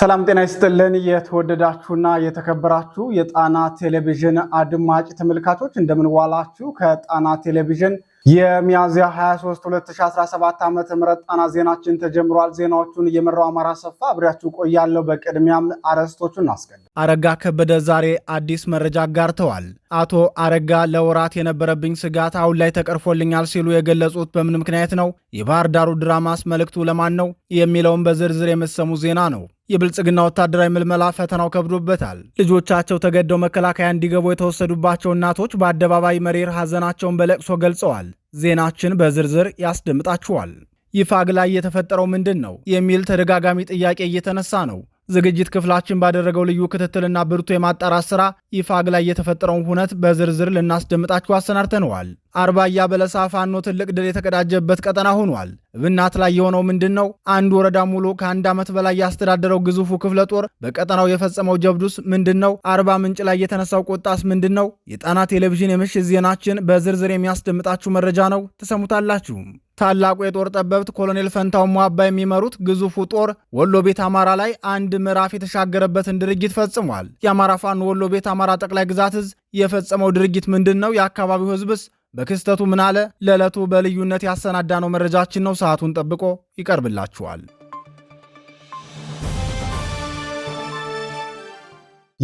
ሰላም ጤና ይስጥልን። የተወደዳችሁና የተከበራችሁ የጣና ቴሌቪዥን አድማጭ ተመልካቾች እንደምንዋላችሁ። ከጣና ቴሌቪዥን የሚያዝያ 23 2017 ዓ ም ጣና ዜናችን ተጀምሯል። ዜናዎቹን እየመራው አማራ ሰፋ አብሬያችሁ ቆያለሁ። በቅድሚያም አርዕስቶቹን እናስቀድም። አረጋ ከበደ ዛሬ አዲስ መረጃ አጋርተዋል። አቶ አረጋ ለወራት የነበረብኝ ስጋት አሁን ላይ ተቀርፎልኛል ሲሉ የገለጹት በምን ምክንያት ነው? የባህር ዳሩ ድራማስ መልእክቱ ለማን ነው? የሚለውን በዝርዝር የመሰሙ ዜና ነው። የብልጽግና ወታደራዊ ምልመላ ፈተናው ከብዶበታል። ልጆቻቸው ተገደው መከላከያ እንዲገቡ የተወሰዱባቸው እናቶች በአደባባይ መሪር ሐዘናቸውን በለቅሶ ገልጸዋል። ዜናችን በዝርዝር ያስደምጣችኋል። ይፋግ ላይ የተፈጠረው ምንድን ነው የሚል ተደጋጋሚ ጥያቄ እየተነሳ ነው። ዝግጅት ክፍላችን ባደረገው ልዩ ክትትልና ብርቱ የማጣራት ስራ ይፋግ ላይ የተፈጠረውን ሁነት በዝርዝር ልናስደምጣችሁ አሰናድተነዋል። አርባያ በለሳ ፋኖ ትልቅ ድል የተቀዳጀበት ቀጠና ሆኗል። ብናት ላይ የሆነው ምንድን ነው? አንድ ወረዳ ሙሉ ከአንድ ዓመት በላይ ያስተዳደረው ግዙፉ ክፍለ ጦር በቀጠናው የፈጸመው ጀብዱስ ምንድን ነው? አርባ ምንጭ ላይ የተነሳው ቁጣስ ምንድን ነው? የጣና ቴሌቪዥን የምሽት ዜናችን በዝርዝር የሚያስደምጣችሁ መረጃ ነው። ትሰሙታላችሁ። ታላቁ የጦር ጠበብት ኮሎኔል ፈንታው ሟባ የሚመሩት ግዙፉ ጦር ወሎ ቤት አማራ ላይ አንድ ምዕራፍ የተሻገረበትን ድርጊት ፈጽሟል። የአማራ ፋኖ ወሎ ቤት አማራ ጠቅላይ ግዛት እዝ የፈጸመው ድርጊት ምንድን ነው? የአካባቢው ህዝብስ በክስተቱ ምን አለ? ለዕለቱ በልዩነት ያሰናዳነው መረጃችን ነው። ሰዓቱን ጠብቆ ይቀርብላችኋል።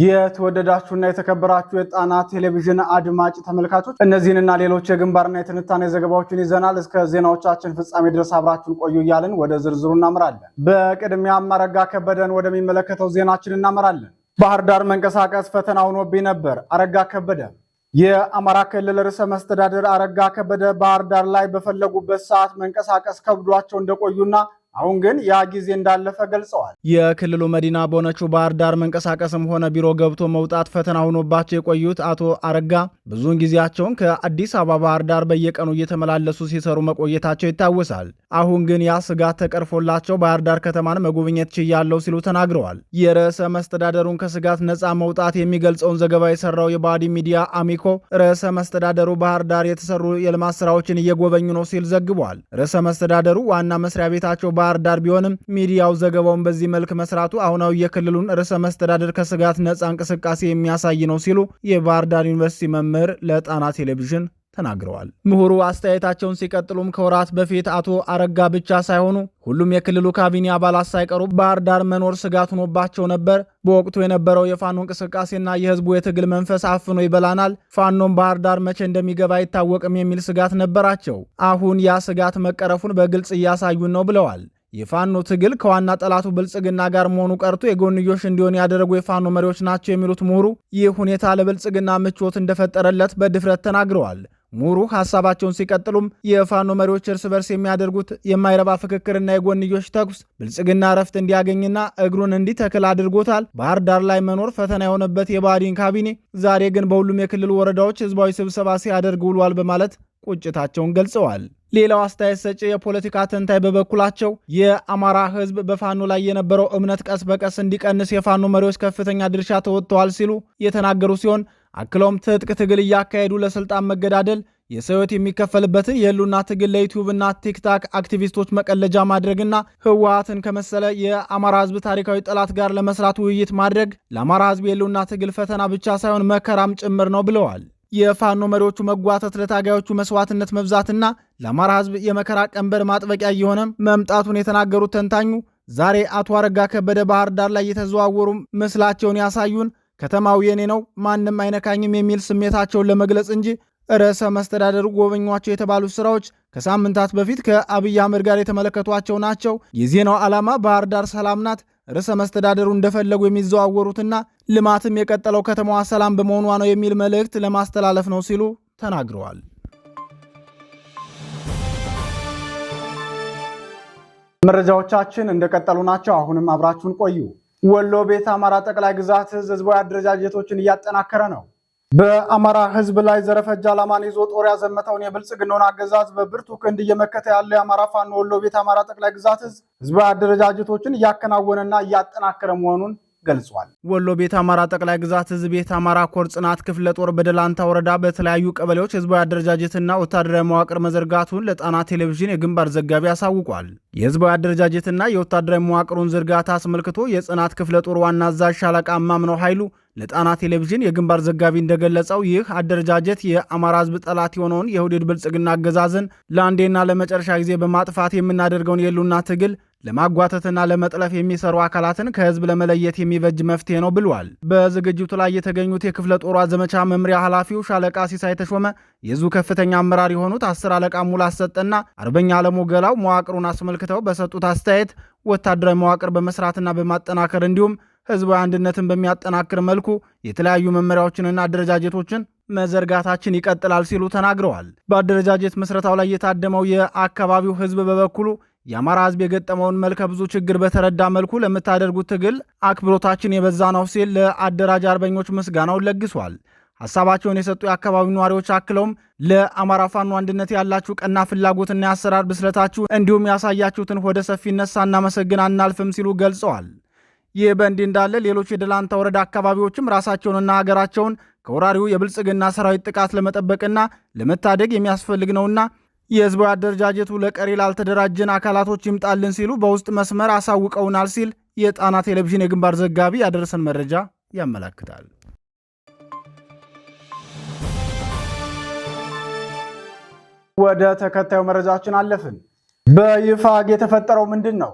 የተወደዳችሁና የተከበራችሁ የጣና ቴሌቪዥን አድማጭ ተመልካቾች እነዚህንና ሌሎች የግንባርና የትንታኔ ዘገባዎችን ይዘናል። እስከ ዜናዎቻችን ፍጻሜ ድረስ አብራችሁን ቆዩ እያልን ወደ ዝርዝሩ እናምራለን። በቅድሚያም አረጋ ከበደን ወደሚመለከተው ዜናችን እናመራለን። ባህር ዳር መንቀሳቀስ ፈተና ሆኖብኝ ነበር። አረጋ ከበደ። የአማራ ክልል ርዕሰ መስተዳደር አረጋ ከበደ ባህር ዳር ላይ በፈለጉበት ሰዓት መንቀሳቀስ ከብዷቸው እንደቆዩና አሁን ግን ያ ጊዜ እንዳለፈ ገልጸዋል። የክልሉ መዲና በሆነችው ባህር ዳር መንቀሳቀስም ሆነ ቢሮ ገብቶ መውጣት ፈተና ሆኖባቸው የቆዩት አቶ አረጋ ብዙውን ጊዜያቸውን ከአዲስ አበባ ባህር ዳር በየቀኑ እየተመላለሱ ሲሰሩ መቆየታቸው ይታወሳል። አሁን ግን ያ ስጋት ተቀርፎላቸው ባህር ዳር ከተማን መጎብኘት ችያለው ሲሉ ተናግረዋል። የርዕሰ መስተዳደሩን ከስጋት ነፃ መውጣት የሚገልጸውን ዘገባ የሰራው የባዲ ሚዲያ አሚኮ ርዕሰ መስተዳደሩ ባህር ዳር የተሰሩ የልማት ስራዎችን እየጎበኙ ነው ሲል ዘግቧል። ርዕሰ መስተዳደሩ ዋና መስሪያ ቤታቸው ባህር ዳር ቢሆንም ሚዲያው ዘገባውን በዚህ መልክ መስራቱ አሁናዊ የክልሉን ርዕሰ መስተዳደር ከስጋት ነጻ እንቅስቃሴ የሚያሳይ ነው ሲሉ የባህር ዳር ዩኒቨርሲቲ መምህር ለጣና ቴሌቪዥን ተናግረዋል። ምሁሩ አስተያየታቸውን ሲቀጥሉም ከወራት በፊት አቶ አረጋ ብቻ ሳይሆኑ ሁሉም የክልሉ ካቢኔ አባላት ሳይቀሩ ባህር ዳር መኖር ስጋት ሆኖባቸው ነበር። በወቅቱ የነበረው የፋኖ እንቅስቃሴና የህዝቡ የትግል መንፈስ አፍኖ ይበላናል፣ ፋኖም ባህር ዳር መቼ እንደሚገባ አይታወቅም የሚል ስጋት ነበራቸው። አሁን ያ ስጋት መቀረፉን በግልጽ እያሳዩን ነው ብለዋል። የፋኖ ትግል ከዋና ጠላቱ ብልጽግና ጋር መሆኑ ቀርቶ የጎንዮሽ እንዲሆን ያደረጉ የፋኖ መሪዎች ናቸው የሚሉት ምሁሩ ይህ ሁኔታ ለብልጽግና ምቾት እንደፈጠረለት በድፍረት ተናግረዋል። ምሁሩ ሀሳባቸውን ሲቀጥሉም የፋኖ መሪዎች እርስ በርስ የሚያደርጉት የማይረባ ፍክክርና የጎንዮሽ ተኩስ ብልጽግና እረፍት እንዲያገኝና እግሩን እንዲተክል አድርጎታል። ባህር ዳር ላይ መኖር ፈተና የሆነበት የባዲን ካቢኔ ዛሬ ግን በሁሉም የክልል ወረዳዎች ህዝባዊ ስብሰባ ሲያደርግ ውሏል በማለት ቁጭታቸውን ገልጸዋል። ሌላው አስተያየት ሰጪ የፖለቲካ ተንታይ በበኩላቸው የአማራ ሕዝብ በፋኖ ላይ የነበረው እምነት ቀስ በቀስ እንዲቀንስ የፋኖ መሪዎች ከፍተኛ ድርሻ ተወጥተዋል ሲሉ የተናገሩ ሲሆን አክለውም ትጥቅ ትግል እያካሄዱ ለስልጣን መገዳደል የሰውት የሚከፈልበትን የህሉና ትግል ለዩቲዩብና ቲክታክ አክቲቪስቶች መቀለጃ ማድረግና ህወሀትን ከመሰለ የአማራ ህዝብ ታሪካዊ ጠላት ጋር ለመስራት ውይይት ማድረግ ለአማራ ህዝብ የህሉና ትግል ፈተና ብቻ ሳይሆን መከራም ጭምር ነው ብለዋል። የፋኖ መሪዎቹ መጓተት ለታጋዮቹ መስዋዕትነት መብዛትና ለአማራ ህዝብ የመከራ ቀንበር ማጥበቂያ እየሆነ መምጣቱን የተናገሩት ተንታኙ ዛሬ አቶ አረጋ ከበደ ባህር ዳር ላይ የተዘዋወሩ ምስላቸውን ያሳዩን ከተማው የኔ ነው ማንም አይነካኝም የሚል ስሜታቸውን ለመግለጽ እንጂ ርዕሰ መስተዳደሩ ጎበኟቸው የተባሉት ስራዎች ከሳምንታት በፊት ከአብይ አህመድ ጋር የተመለከቷቸው ናቸው። የዜናው ዓላማ ባህር ዳር ሰላም ናት ርዕሰ መስተዳደሩ እንደፈለጉ የሚዘዋወሩትና ልማትም የቀጠለው ከተማዋ ሰላም በመሆኗ ነው የሚል መልእክት ለማስተላለፍ ነው ሲሉ ተናግረዋል። መረጃዎቻችን እንደቀጠሉ ናቸው። አሁንም አብራችሁን ቆዩ። ወሎ ቤት አማራ ጠቅላይ ግዛት ህዝብ ህዝባዊ አደረጃጀቶችን እያጠናከረ ነው። በአማራ ህዝብ ላይ ዘረፈጅ አላማን ይዞ ጦር ያዘመተውን የብልጽግናውን አገዛዝ በብርቱ ክንድ እየመከተ ያለ የአማራ ፋኖ ወሎ ቤት አማራ ጠቅላይ ግዛት ህዝብ ህዝባዊ አደረጃጀቶችን እያከናወነና እያጠናከረ መሆኑን ገልጿል። ወሎ ቤት አማራ ጠቅላይ ግዛት ህዝብ ቤት አማራ ኮር ጽናት ክፍለ ጦር በደላንታ ወረዳ በተለያዩ ቀበሌዎች ህዝባዊ አደረጃጀትና ወታደራዊ መዋቅር መዘርጋቱን ለጣና ቴሌቪዥን የግንባር ዘጋቢ አሳውቋል። የህዝባዊ አደረጃጀትና የወታደራዊ መዋቅሩን ዝርጋታ አስመልክቶ የጽናት ክፍለ ጦር ዋና አዛዥ ሻለቃ ማምነው ኃይሉ ለጣና ቴሌቪዥን የግንባር ዘጋቢ እንደገለጸው ይህ አደረጃጀት የአማራ ህዝብ ጠላት የሆነውን የሁድድ ብልጽግና አገዛዝን ለአንዴና ለመጨረሻ ጊዜ በማጥፋት የምናደርገውን የሉና ትግል ለማጓተትና ለመጥለፍ የሚሰሩ አካላትን ከህዝብ ለመለየት የሚበጅ መፍትሄ ነው ብሏል። በዝግጅቱ ላይ የተገኙት የክፍለ ጦሯ ዘመቻ መምሪያ ኃላፊው ሻለቃ ሲሳይ ተሾመ፣ የዙ ከፍተኛ አመራር የሆኑት አስር አለቃ ሙላ አሰጠና አርበኛ አለሙ ገላው መዋቅሩን አስመልክተው በሰጡት አስተያየት ወታደራዊ መዋቅር በመስራትና በማጠናከር እንዲሁም ህዝባዊ አንድነትን በሚያጠናክር መልኩ የተለያዩ መመሪያዎችንና አደረጃጀቶችን መዘርጋታችን ይቀጥላል ሲሉ ተናግረዋል። በአደረጃጀት መስረታው ላይ የታደመው የአካባቢው ህዝብ በበኩሉ የአማራ ህዝብ የገጠመውን መልከ ብዙ ችግር በተረዳ መልኩ ለምታደርጉት ትግል አክብሮታችን የበዛ ነው ሲል ለአደራጅ አርበኞች ምስጋናውን ለግሷል። ሀሳባቸውን የሰጡ የአካባቢው ነዋሪዎች አክለውም ለአማራ ፋኖ አንድነት ያላችሁ ቀና ፍላጎትና የአሰራር ብስለታችሁ እንዲሁም ያሳያችሁትን ሆደ ሰፊነት ሳናመሰግን አናልፍም ሲሉ ገልጸዋል። ይህ በእንዲህ እንዳለ ሌሎች የደላንታ ወረዳ አካባቢዎችም ራሳቸውንና ሀገራቸውን ከወራሪው የብልጽግና ሰራዊት ጥቃት ለመጠበቅና ለመታደግ የሚያስፈልግ ነውና የህዝባዊ አደረጃጀቱ ለቀሪ ላልተደራጀን አካላቶች ይምጣልን ሲሉ በውስጥ መስመር አሳውቀውናል ሲል የጣና ቴሌቪዥን የግንባር ዘጋቢ ያደረሰን መረጃ ያመላክታል። ወደ ተከታዩ መረጃችን አለፍን። በይፋግ የተፈጠረው ምንድን ነው?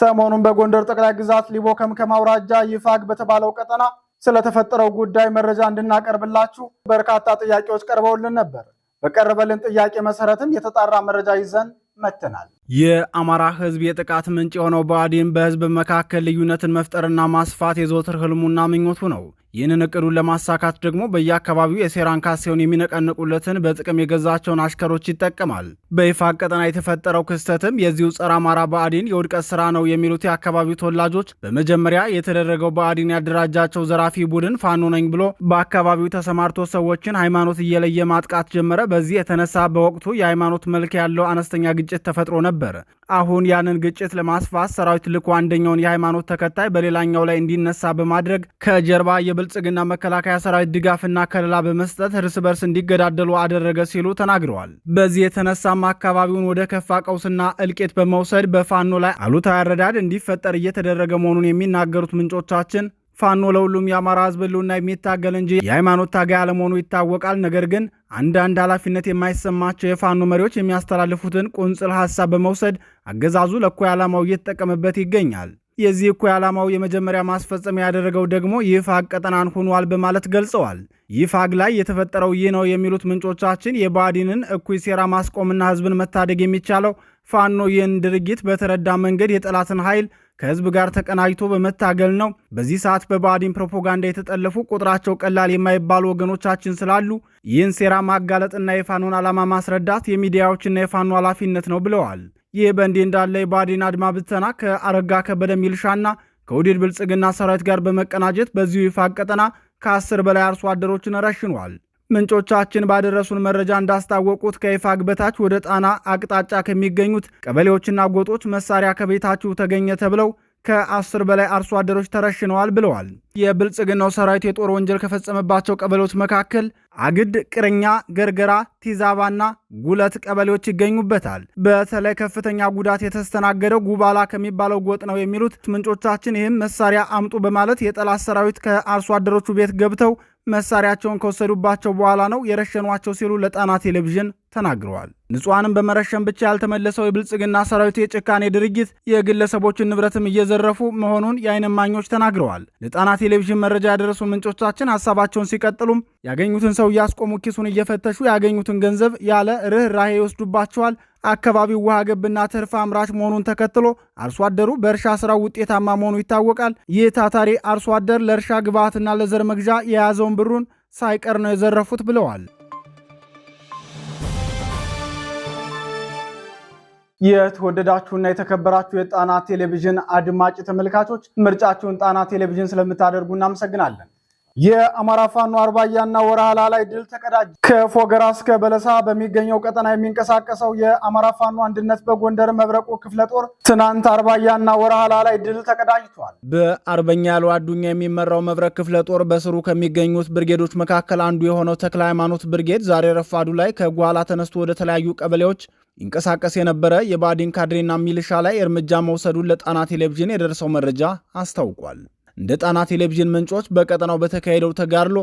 ሰሞኑን በጎንደር ጠቅላይ ግዛት ሊቦ ከምከም አውራጃ ይፋግ በተባለው ቀጠና ስለተፈጠረው ጉዳይ መረጃ እንድናቀርብላችሁ በርካታ ጥያቄዎች ቀርበውልን ነበር። በቀረበልን ጥያቄ መሰረትም የተጣራ መረጃ ይዘን መጥተናል። የአማራ ህዝብ የጥቃት ምንጭ የሆነው ብአዴን በህዝብ መካከል ልዩነትን መፍጠርና ማስፋት የዘወትር ህልሙና ምኞቱ ነው። ይህንን እቅዱን ለማሳካት ደግሞ በየአካባቢው የሴራን ካሴውን የሚነቀንቁለትን በጥቅም የገዛቸውን አሽከሮች ይጠቀማል። በይፋ ቀጠና የተፈጠረው ክስተትም የዚሁ ጸረ አማራ ብአዴን የውድቀት ስራ ነው የሚሉት የአካባቢው ተወላጆች በመጀመሪያ የተደረገው ብአዴን ያደራጃቸው ዘራፊ ቡድን ፋኖ ነኝ ብሎ በአካባቢው ተሰማርቶ ሰዎችን ሃይማኖት እየለየ ማጥቃት ጀመረ። በዚህ የተነሳ በወቅቱ የሃይማኖት መልክ ያለው አነስተኛ ግጭት ተፈጥሮ ነበር። ነበር። አሁን ያንን ግጭት ለማስፋት ሰራዊት ልኮ አንደኛውን የሃይማኖት ተከታይ በሌላኛው ላይ እንዲነሳ በማድረግ ከጀርባ የብልጽግና መከላከያ ሰራዊት ድጋፍና ከለላ በመስጠት እርስ በርስ እንዲገዳደሉ አደረገ ሲሉ ተናግረዋል። በዚህ የተነሳም አካባቢውን ወደ ከፋ ቀውስና እልቄት በመውሰድ በፋኖ ላይ አሉታዊ አረዳድ እንዲፈጠር እየተደረገ መሆኑን የሚናገሩት ምንጮቻችን ፋኖ ለሁሉም የአማራ ህዝብ ህልውና የሚታገል እንጂ የሃይማኖት ታጋይ አለመሆኑ ይታወቃል። ነገር ግን አንዳንድ ኃላፊነት የማይሰማቸው የፋኖ መሪዎች የሚያስተላልፉትን ቁንጽል ሐሳብ በመውሰድ አገዛዙ ለእኩይ ዓላማው እየተጠቀመበት ይገኛል። የዚህ እኩይ ዓላማው የመጀመሪያ ማስፈጸሚያ ያደረገው ደግሞ ይፋግ ቀጠናን ሆኗል በማለት ገልጸዋል። ይፋግ ላይ የተፈጠረው ይህ ነው የሚሉት ምንጮቻችን የባዲንን እኩይ ሴራ ማስቆምና ህዝብን መታደግ የሚቻለው ፋኖ ይህን ድርጊት በተረዳ መንገድ የጠላትን ኃይል ከህዝብ ጋር ተቀናጅቶ በመታገል ነው። በዚህ ሰዓት በብአዴን ፕሮፓጋንዳ የተጠለፉ ቁጥራቸው ቀላል የማይባሉ ወገኖቻችን ስላሉ ይህን ሴራ ማጋለጥና የፋኖን ዓላማ ማስረዳት የሚዲያዎችና የፋኖ ኃላፊነት ነው ብለዋል። ይህ በእንዲህ እንዳለ የብአዴን አድማ ብተና ከአረጋ ከበደ ሚልሻና ከውዲድ ብልጽግና ሰራዊት ጋር በመቀናጀት በዚሁ ይፋቅ ቀጠና ከአስር በላይ አርሶ አደሮችን ረሽኗል። ምንጮቻችን ባደረሱን መረጃ እንዳስታወቁት ከይፋግ በታች ወደ ጣና አቅጣጫ ከሚገኙት ቀበሌዎችና ጎጦች መሳሪያ ከቤታችሁ ተገኘ ተብለው ከአስር በላይ አርሶ አደሮች ተረሽነዋል ብለዋል። የብልጽግናው ሰራዊት የጦር ወንጀል ከፈጸመባቸው ቀበሌዎች መካከል አግድ፣ ቅርኛ፣ ገርገራ፣ ቲዛባና ጉለት ቀበሌዎች ይገኙበታል። በተለይ ከፍተኛ ጉዳት የተስተናገደው ጉባላ ከሚባለው ጎጥ ነው የሚሉት ምንጮቻችን፣ ይህም መሳሪያ አምጡ በማለት የጠላት ሰራዊት ከአርሶ አደሮቹ ቤት ገብተው መሳሪያቸውን ከወሰዱባቸው በኋላ ነው የረሸኗቸው ሲሉ ለጣና ቴሌቪዥን ተናግረዋል። ንጹሐንም በመረሸን ብቻ ያልተመለሰው የብልጽግና ሰራዊት የጭካኔ ድርጊት የግለሰቦችን ንብረትም እየዘረፉ መሆኑን የዓይን እማኞች ተናግረዋል። ለጣና ቴሌቪዥን መረጃ ያደረሱ ምንጮቻችን ሀሳባቸውን ሲቀጥሉም ያገኙትን ሰው እያስቆሙ ኪሱን እየፈተሹ ያገኙትን ገንዘብ ያለ ርኅራሄ ይወስዱባቸዋል። አካባቢው ውሃ ገብና ትርፍ አምራች መሆኑን ተከትሎ አርሶ አደሩ በእርሻ ስራው ውጤታማ መሆኑ ይታወቃል። ይህ ታታሪ አርሶ አደር ለእርሻ ግብዓትና ለዘር መግዣ የያዘውን ብሩን ሳይቀር ነው የዘረፉት ብለዋል። የተወደዳችሁና የተከበራችሁ የጣና ቴሌቪዥን አድማጭ ተመልካቾች ምርጫችሁን ጣና ቴሌቪዥን ስለምታደርጉ እናመሰግናለን። የአማራ ፋኖ አርባያና ወረሃላ ላይ ድል ተቀዳጅ። ከፎገራ እስከ በለሳ በሚገኘው ቀጠና የሚንቀሳቀሰው የአማራ ፋኖ አንድነት በጎንደር መብረቁ ክፍለ ጦር ትናንት አርባያና ወረሃላ ላይ ድል ተቀዳጅቷል። በአርበኛ ያሉ አዱኛ የሚመራው መብረቅ ክፍለ ጦር በስሩ ከሚገኙት ብርጌዶች መካከል አንዱ የሆነው ተክለ ሃይማኖት ብርጌድ ዛሬ ረፋዱ ላይ ከጓላ ተነስቶ ወደ ተለያዩ ቀበሌዎች ይንቀሳቀስ የነበረ የባዲን ካድሬና ሚልሻ ላይ እርምጃ መውሰዱን ለጣና ቴሌቪዥን የደረሰው መረጃ አስታውቋል። እንደ ጣና ቴሌቪዥን ምንጮች በቀጠናው በተካሄደው ተጋድሎ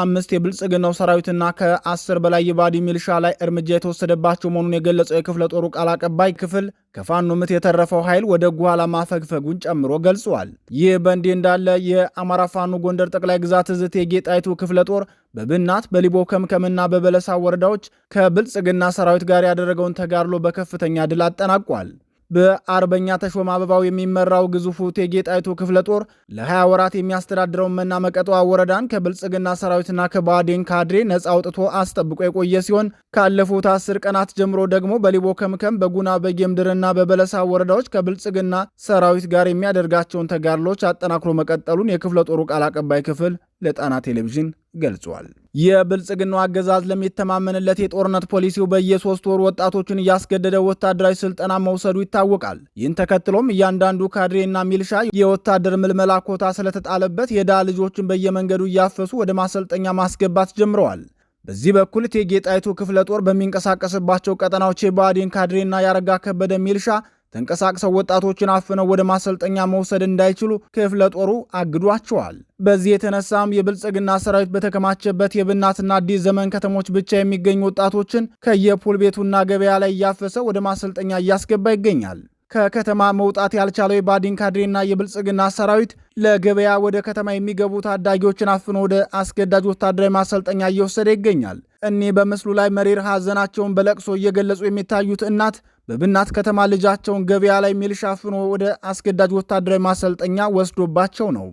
አምስት የብልጽግናው ሰራዊትና ከአስር በላይ የባዲ ሚልሻ ላይ እርምጃ የተወሰደባቸው መሆኑን የገለጸው የክፍለ ጦሩ ቃል አቀባይ ክፍል ከፋኖ ምት የተረፈው ኃይል ወደ ጓላ ማፈግፈጉን ጨምሮ ገልጿል። ይህ በእንዲህ እንዳለ የአማራ ፋኖ ጎንደር ጠቅላይ ግዛት እዝ እቴጌ ጣይቱ ክፍለ ጦር በብናት በሊቦ ከምከምና በበለሳ ወረዳዎች ከብልጽግና ሰራዊት ጋር ያደረገውን ተጋድሎ በከፍተኛ ድል አጠናቋል። በአርበኛ ተሾመ አበባው የሚመራው ግዙፉ እቴጌ ጣይቱ ክፍለ ጦር ለ20 ወራት የሚያስተዳድረውን መና መቀጠዋ ወረዳን ከብልጽግና ሰራዊትና ከባዴን ካድሬ ነፃ አውጥቶ አስጠብቆ የቆየ ሲሆን ካለፉት አስር ቀናት ጀምሮ ደግሞ በሊቦ ከምከም፣ በጉና በጌምድርና በበለሳ ወረዳዎች ከብልጽግና ሰራዊት ጋር የሚያደርጋቸውን ተጋድሎች አጠናክሮ መቀጠሉን የክፍለ ጦሩ ቃል አቀባይ ክፍል ለጣና ቴሌቪዥን ገልጿል። የብልጽግናው አገዛዝ ለሚተማመንለት የጦርነት ፖሊሲው በየሶስት ወር ወጣቶችን እያስገደደ ወታደራዊ ስልጠና መውሰዱ ይታወቃል። ይህን ተከትሎም እያንዳንዱ ካድሬና ሚልሻ የወታደር ምልመላ ኮታ ስለተጣለበት የዳ ልጆችን በየመንገዱ እያፈሱ ወደ ማሰልጠኛ ማስገባት ጀምረዋል። በዚህ በኩል እቴጌ ጣይቱ ክፍለ ጦር በሚንቀሳቀስባቸው ቀጠናዎች የባዴን ካድሬና ያረጋ ከበደ ሚልሻ ተንቀሳቅሰው ወጣቶችን አፍነው ወደ ማሰልጠኛ መውሰድ እንዳይችሉ ክፍለ ጦሩ አግዷቸዋል። በዚህ የተነሳም የብልጽግና ሰራዊት በተከማቸበት የብናትና አዲስ ዘመን ከተሞች ብቻ የሚገኙ ወጣቶችን ከየፑል ቤቱና ገበያ ላይ እያፈሰ ወደ ማሰልጠኛ እያስገባ ይገኛል። ከከተማ መውጣት ያልቻለው የባዲን ካድሬና የብልጽግና ሰራዊት ለገበያ ወደ ከተማ የሚገቡ ታዳጊዎችን አፍኖ ወደ አስገዳጅ ወታደራዊ ማሰልጠኛ እየወሰደ ይገኛል። እኒህ በምስሉ ላይ መሪር ሐዘናቸውን በለቅሶ እየገለጹ የሚታዩት እናት በብናት ከተማ ልጃቸውን ገበያ ላይ ሚልሻ አፍኖ ወደ አስገዳጅ ወታደራዊ ማሰልጠኛ ወስዶባቸው ነው።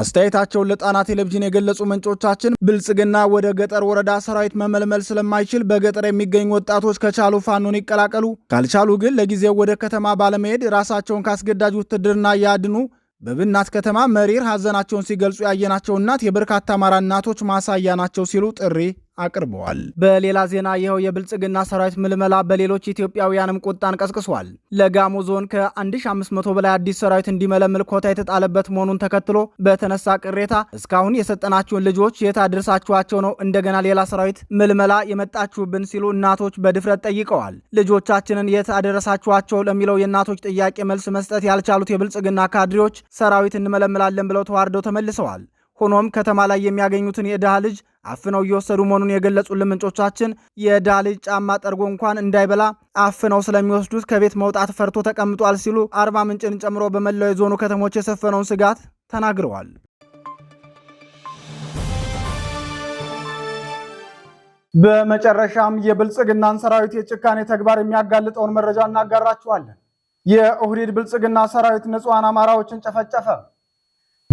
አስተያየታቸውን ለጣና ቴሌቪዥን የገለጹ ምንጮቻችን ብልጽግና ወደ ገጠር ወረዳ ሰራዊት መመልመል ስለማይችል በገጠር የሚገኙ ወጣቶች ከቻሉ ፋኖን ይቀላቀሉ፣ ካልቻሉ ግን ለጊዜው ወደ ከተማ ባለመሄድ ራሳቸውን ከአስገዳጅ ውትድርና ያድኑ፣ በብናት ከተማ መሪር ሀዘናቸውን ሲገልጹ ያየናቸው እናት የበርካታ አማራ እናቶች ማሳያ ናቸው ሲሉ ጥሪ አቅርበዋል። በሌላ ዜና ይኸው የብልጽግና ሰራዊት ምልመላ በሌሎች ኢትዮጵያውያንም ቁጣን ቀስቅሷል። ለጋሞ ዞን ከ1500 በላይ አዲስ ሰራዊት እንዲመለምል ኮታ የተጣለበት መሆኑን ተከትሎ በተነሳ ቅሬታ እስካሁን የሰጠናችሁን ልጆች የት አድርሳችኋቸው ነው እንደገና ሌላ ሰራዊት ምልመላ የመጣችሁብን? ሲሉ እናቶች በድፍረት ጠይቀዋል። ልጆቻችንን የት አደረሳችኋቸው ለሚለው የእናቶች ጥያቄ መልስ መስጠት ያልቻሉት የብልጽግና ካድሬዎች ሰራዊት እንመለምላለን ብለው ተዋርደው ተመልሰዋል። ሆኖም ከተማ ላይ የሚያገኙትን የድሃ ልጅ አፍነው እየወሰዱ መሆኑን የገለጹልን ምንጮቻችን የድሃ ልጅ ጫማ ጠርጎ እንኳን እንዳይበላ አፍነው ስለሚወስዱት ከቤት መውጣት ፈርቶ ተቀምጧል ሲሉ አርባ ምንጭን ጨምሮ በመላው የዞኑ ከተሞች የሰፈነውን ስጋት ተናግረዋል። በመጨረሻም የብልጽግናን ሰራዊት የጭካኔ ተግባር የሚያጋልጠውን መረጃ እናጋራችኋለን። የኦህዴድ ብልጽግና ሰራዊት ንጹሐን አማራዎችን ጨፈጨፈ።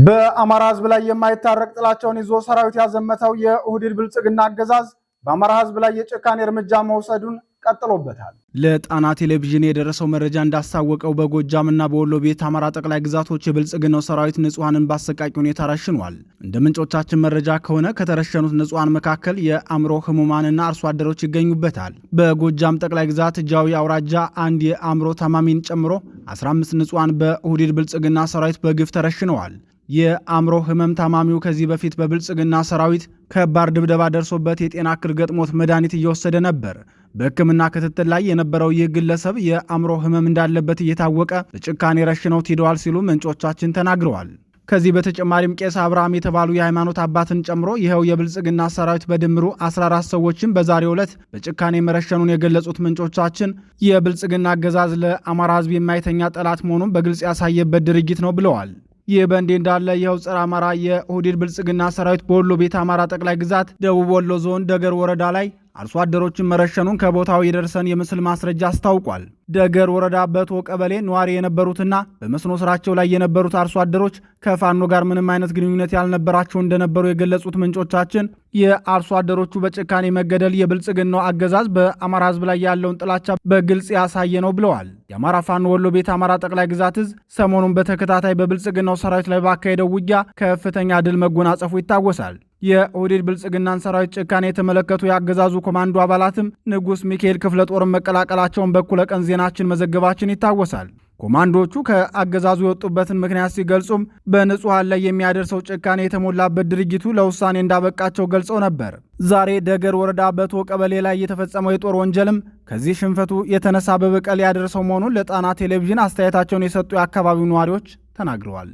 በአማራ ህዝብ ላይ የማይታረቅ ጥላቸውን ይዞ ሰራዊት ያዘመተው የኦህዴድ ብልጽግና አገዛዝ በአማራ ህዝብ ላይ የጭካኔ እርምጃ መውሰዱን ቀጥሎበታል። ለጣና ቴሌቪዥን የደረሰው መረጃ እንዳስታወቀው በጎጃምና በወሎ ቤት አማራ ጠቅላይ ግዛቶች የብልጽግናው ሰራዊት ንጹሐንን በአሰቃቂ ሁኔታ ረሽኗል። እንደ ምንጮቻችን መረጃ ከሆነ ከተረሸኑት ንጹሐን መካከል የአእምሮ ህሙማንና አርሶ አደሮች ይገኙበታል። በጎጃም ጠቅላይ ግዛት ጃዊ አውራጃ አንድ የአእምሮ ታማሚን ጨምሮ 15 ንጹሐን በኦህዴድ ብልጽግና ሰራዊት በግፍ ተረሽነዋል። የአእምሮ ህመም ታማሚው ከዚህ በፊት በብልጽግና ሰራዊት ከባድ ድብደባ ደርሶበት የጤና እክል ገጥሞት መድኃኒት እየወሰደ ነበር። በሕክምና ክትትል ላይ የነበረው ይህ ግለሰብ የአእምሮ ህመም እንዳለበት እየታወቀ በጭካኔ ረሽነው ሂደዋል ሲሉ ምንጮቻችን ተናግረዋል። ከዚህ በተጨማሪም ቄስ አብርሃም የተባሉ የሃይማኖት አባትን ጨምሮ ይኸው የብልጽግና ሰራዊት በድምሩ 14 ሰዎችን በዛሬው ዕለት በጭካኔ መረሸኑን የገለጹት ምንጮቻችን የብልጽግና አገዛዝ ለአማራ ህዝብ የማይተኛ ጠላት መሆኑን በግልጽ ያሳየበት ድርጊት ነው ብለዋል። ይህ በእንዲህ እንዳለ ይኸው ጸረ አማራ የሁዲድ ብልጽግና ሰራዊት በወሎ ቤት አማራ ጠቅላይ ግዛት ደቡብ ወሎ ዞን ደገር ወረዳ ላይ አርሶ አደሮችን መረሸኑን ከቦታው የደርሰን የምስል ማስረጃ አስታውቋል። ደገር ወረዳ በቶ ቀበሌ ነዋሪ የነበሩትና በመስኖ ስራቸው ላይ የነበሩት አርሶ አደሮች ከፋኖ ጋር ምንም አይነት ግንኙነት ያልነበራቸው እንደነበሩ የገለጹት ምንጮቻችን የአርሶ አደሮቹ በጭካኔ መገደል የብልጽግናው አገዛዝ በአማራ ሕዝብ ላይ ያለውን ጥላቻ በግልጽ ያሳየ ነው ብለዋል። የአማራ ፋኖ ወሎ ቤት አማራ ጠቅላይ ግዛት እዝ ሰሞኑን በተከታታይ በብልጽግናው ሰራዊት ላይ ባካሄደው ውጊያ ከፍተኛ ድል መጎናጸፉ ይታወሳል። የኦህዴድ ብልጽግናን ሰራዊት ጭካኔ የተመለከቱ የአገዛዙ ኮማንዶ አባላትም ንጉሥ ሚካኤል ክፍለ ጦርን መቀላቀላቸውን በኩለ ቀን ዜናችን መዘገባችን ይታወሳል። ኮማንዶዎቹ ከአገዛዙ የወጡበትን ምክንያት ሲገልጹም በንጹሐን ላይ የሚያደርሰው ጭካኔ የተሞላበት ድርጊቱ ለውሳኔ እንዳበቃቸው ገልጸው ነበር። ዛሬ ደገር ወረዳ በቶ ቀበሌ ላይ የተፈጸመው የጦር ወንጀልም ከዚህ ሽንፈቱ የተነሳ በበቀል ያደርሰው መሆኑን ለጣና ቴሌቪዥን አስተያየታቸውን የሰጡ የአካባቢው ነዋሪዎች ተናግረዋል።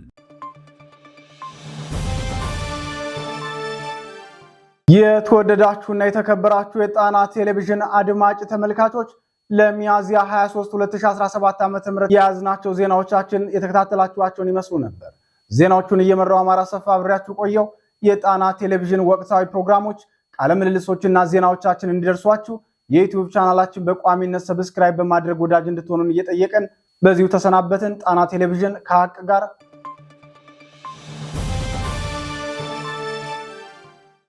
የተወደዳችሁና የተከበራችሁ የጣና ቴሌቪዥን አድማጭ ተመልካቾች ለሚያዝያ 23 2017 ዓ ም የያዝናቸው ዜናዎቻችን የተከታተላችኋቸውን ይመስሉ ነበር። ዜናዎቹን እየመራው አማራ ሰፋ አብሬያችሁ ቆየው። የጣና ቴሌቪዥን ወቅታዊ ፕሮግራሞች፣ ቃለ ምልልሶችና ዜናዎቻችን እንዲደርሷችሁ የዩትዩብ ቻናላችን በቋሚነት ሰብስክራይብ በማድረግ ወዳጅ እንድትሆኑን እየጠየቀን በዚሁ ተሰናበትን። ጣና ቴሌቪዥን ከሀቅ ጋር